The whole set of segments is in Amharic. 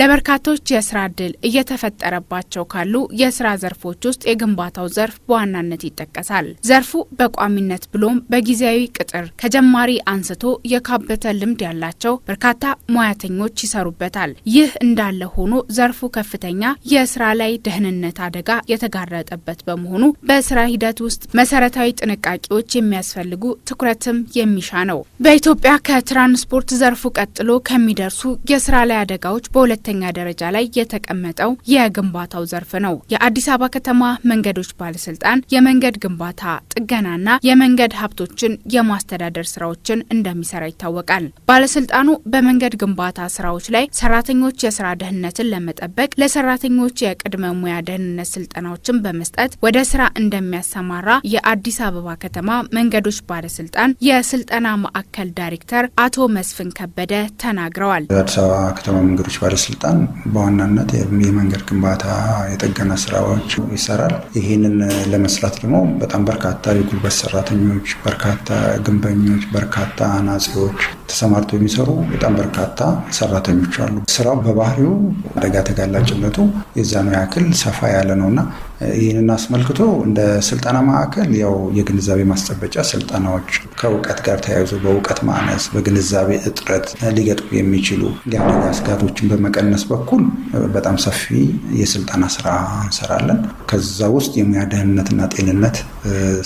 ለበርካቶች የስራ እድል እየተፈጠረባቸው ካሉ የስራ ዘርፎች ውስጥ የግንባታው ዘርፍ በዋናነት ይጠቀሳል። ዘርፉ በቋሚነት ብሎም በጊዜያዊ ቅጥር ከጀማሪ አንስቶ የካበተ ልምድ ያላቸው በርካታ ሙያተኞች ይሰሩበታል። ይህ እንዳለ ሆኖ ዘርፉ ከፍተኛ የስራ ላይ ደህንነት አደጋ የተጋረጠበት በመሆኑ በስራ ሂደት ውስጥ መሰረታዊ ጥንቃቄዎች የሚያስፈልጉ ትኩረትም የሚሻ ነው። በኢትዮጵያ ከትራንስፖርት ዘርፉ ቀጥሎ ከሚደርሱ የስራ ላይ አደጋዎች በሁለት ሁለተኛ ደረጃ ላይ የተቀመጠው የግንባታው ዘርፍ ነው። የአዲስ አበባ ከተማ መንገዶች ባለስልጣን የመንገድ ግንባታ ጥገናና የመንገድ ሀብቶችን የማስተዳደር ስራዎችን እንደሚሰራ ይታወቃል። ባለስልጣኑ በመንገድ ግንባታ ስራዎች ላይ ሰራተኞች የስራ ደህንነትን ለመጠበቅ ለሰራተኞች የቅድመ ሙያ ደህንነት ስልጠናዎችን በመስጠት ወደ ስራ እንደሚያሰማራ የአዲስ አበባ ከተማ መንገዶች ባለስልጣን የስልጠና ማዕከል ዳይሬክተር አቶ መስፍን ከበደ ተናግረዋል። የአዲስ አበባ ከተማ መንገዶች ባለስልጣን ባለስልጣን በዋናነት የመንገድ ግንባታ የጥገና ስራዎች ይሰራል። ይህንን ለመስራት ደግሞ በጣም በርካታ የጉልበት ሰራተኞች፣ በርካታ ግንበኞች፣ በርካታ አናጺዎች ተሰማርተው የሚሰሩ በጣም በርካታ ሰራተኞች አሉ። ስራው በባህሪው አደጋ ተጋላጭነቱ የዛኑ ያክል ሰፋ ያለ ነው እና ይህንን አስመልክቶ እንደ ስልጠና ማዕከል ያው የግንዛቤ ማስጨበጫ ስልጠናዎች ከእውቀት ጋር ተያይዞ በእውቀት ማነስ፣ በግንዛቤ እጥረት ሊገጥሙ የሚችሉ የአደጋ ስጋቶችን በመቀነስ በኩል በጣም ሰፊ የስልጠና ስራ እንሰራለን። ከዛ ውስጥ የሙያ ደህንነትና ጤንነት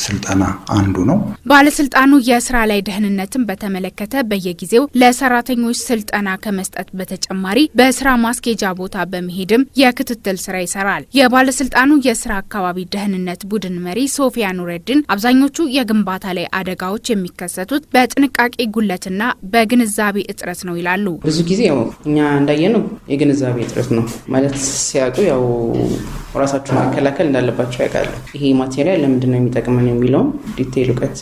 ስልጠና አንዱ ነው። ባለስልጣኑ የስራ ላይ ደህንነትን በተመለከተ በየ በየጊዜው ለሰራተኞች ስልጠና ከመስጠት በተጨማሪ በስራ ማስኬጃ ቦታ በመሄድም የክትትል ስራ ይሰራል። የባለስልጣኑ የስራ አካባቢ ደህንነት ቡድን መሪ ሶፊያ ኑረድን አብዛኞቹ የግንባታ ላይ አደጋዎች የሚከሰቱት በጥንቃቄ ጉለትና በግንዛቤ እጥረት ነው ይላሉ። ብዙ ጊዜ ያው እኛ እንዳየነው የግንዛቤ እጥረት ነው ማለት ሲያውቁ ያው ራሳቸውን መከላከል እንዳለባቸው ያውቃሉ። ይሄ ማቴሪያል ለምንድነው የሚጠቅመን የሚለውን ዲቴይል እውቀት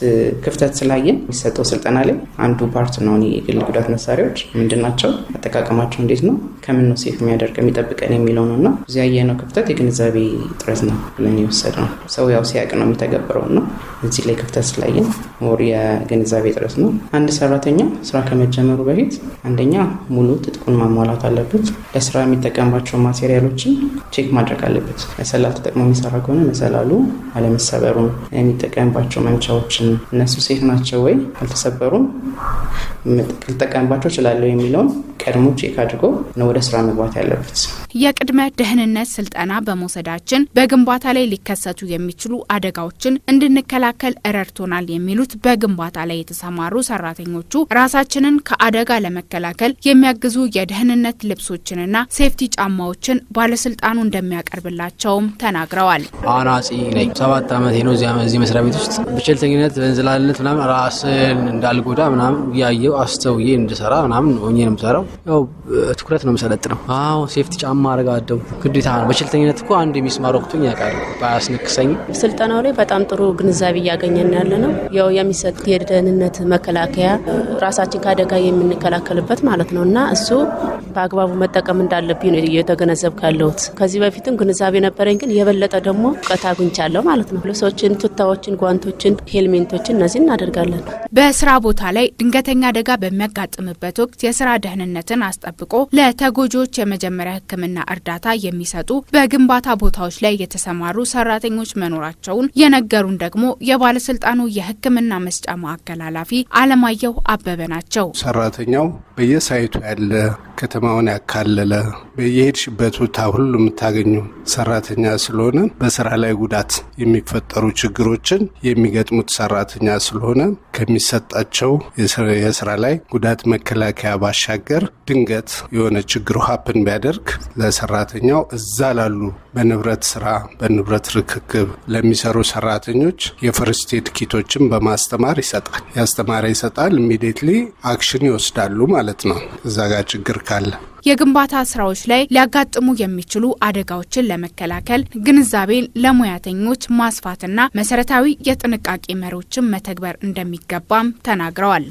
ክፍተት ስላየን የሚሰጠው ስልጠና ላይ አንዱ ፓርት ነው። የግል ጉዳት መሳሪያዎች ምንድን ናቸው፣ አጠቃቀማቸው እንዴት ነው፣ ከምን ነው ሴፍ የሚያደርግ የሚጠብቀን የሚለው ነው እና እዚያ ያየነው ክፍተት የግንዛቤ ጥረት ነው ብለን ነው። ሰው ያው ሲያውቅ ነው የሚተገብረው እና እዚህ ላይ ክፍተት ስላየን ሞር የግንዛቤ ጥረት ነው። አንድ ሰራተኛ ስራ ከመጀመሩ በፊት አንደኛ ሙሉ ትጥቁን ማሟላት አለበት። ለስራ የሚጠቀምባቸው ማቴሪያሎችን ቼክ ማድረግ አለበት። አለች። መሰላል ተጠቅሞ የሚሰራ ከሆነ መሰላሉ አለመሰበሩ የሚጠቀምባቸው መምቻዎችን እነሱ ሴት ናቸው ወይ አልተሰበሩም ልጠቀምባቸው እችላለሁ የሚለውን ቀድሞ ቼክ አድርጎ ነው ወደ ስራ መግባት ያለበት። የቅድመ ደህንነት ስልጠና በመውሰዳችን በግንባታ ላይ ሊከሰቱ የሚችሉ አደጋዎችን እንድንከላከል ረድቶናል የሚሉት በግንባታ ላይ የተሰማሩ ሰራተኞቹ ራሳችንን ከአደጋ ለመከላከል የሚያግዙ የደህንነት ልብሶችንና ሴፍቲ ጫማዎችን ባለስልጣኑ እንደሚያቀርብላቸውም ተናግረዋል። አናጺ ነኝ። ሰባት ዓመት ነው እዚህ መስሪያ ቤት ውስጥ ብቸልተኝነት፣ በእንዝላልነት ምናምን ራስን እንዳልጎዳ ምናምን እያየው አስተውዬ እንድሰራ ምናምን ሆኜ ነው የምሰራው። ያው ትኩረት ነው መሰለጥ ነው። አዎ ሴፍቲ ጫማ አረጋደው ግዴታ ነው። በቸልተኝነት እኮ አንድ የሚስማር ወቅቱኝ ያውቃል ባያስነክሰኝ። ስልጠናው ላይ በጣም ጥሩ ግንዛቤ እያገኘን ያለ ነው። ያው የሚሰጥ የደህንነት መከላከያ ራሳችን ከአደጋ የምንከላከልበት ማለት ነው እና እሱ በአግባቡ መጠቀም እንዳለብኝ ነው እየተገነዘብኩ ያለሁት። ከዚህ በፊትም ግንዛቤ ነበረኝ፣ ግን የበለጠ ደግሞ እውቀት አግኝቻለሁ ማለት ነው። ልብሶችን፣ ቱታዎችን፣ ጓንቶችን፣ ሄልሜንቶችን እነዚህ እናደርጋለን። በስራ ቦታ ላይ ድንገተኛ አደጋ በሚያጋጥምበት ወቅት የስራ ደህንነት ደህንነትን አስጠብቆ ለተጎጂዎች የመጀመሪያ ሕክምና እርዳታ የሚሰጡ በግንባታ ቦታዎች ላይ የተሰማሩ ሰራተኞች መኖራቸውን የነገሩን ደግሞ የባለስልጣኑ የሕክምና መስጫ ማዕከል ኃላፊ አለማየሁ አበበ ናቸው። ሰራተኛው በየሳይቱ ያለ ከተማውን ያካለለ በየሄድሽበት ቦታ ሁሉ የምታገኙ ሰራተኛ ስለሆነ በስራ ላይ ጉዳት የሚፈጠሩ ችግሮችን የሚገጥሙት ሰራተኛ ስለሆነ ከሚሰጣቸው የስራ ላይ ጉዳት መከላከያ ባሻገር ድንገት የሆነ ችግሩ ሀፕን ቢያደርግ ለሰራተኛው እዛ ላሉ በንብረት ስራ በንብረት ርክክብ ለሚሰሩ ሰራተኞች የፈርስቴድ ኪቶችን በማስተማር ይሰጣል። ያስተማረ ይሰጣል። ኢሚዲየትሊ አክሽን ይወስዳሉ ማለት ነው እዛ ጋር ችግር ካለ የግንባታ ስራዎች ላይ ሊያጋጥሙ የሚችሉ አደጋዎችን ለመከላከል ግንዛቤን ለሙያተኞች ማስፋትና መሰረታዊ የጥንቃቄ መሪዎችን መተግበር እንደሚገባም ተናግረዋል።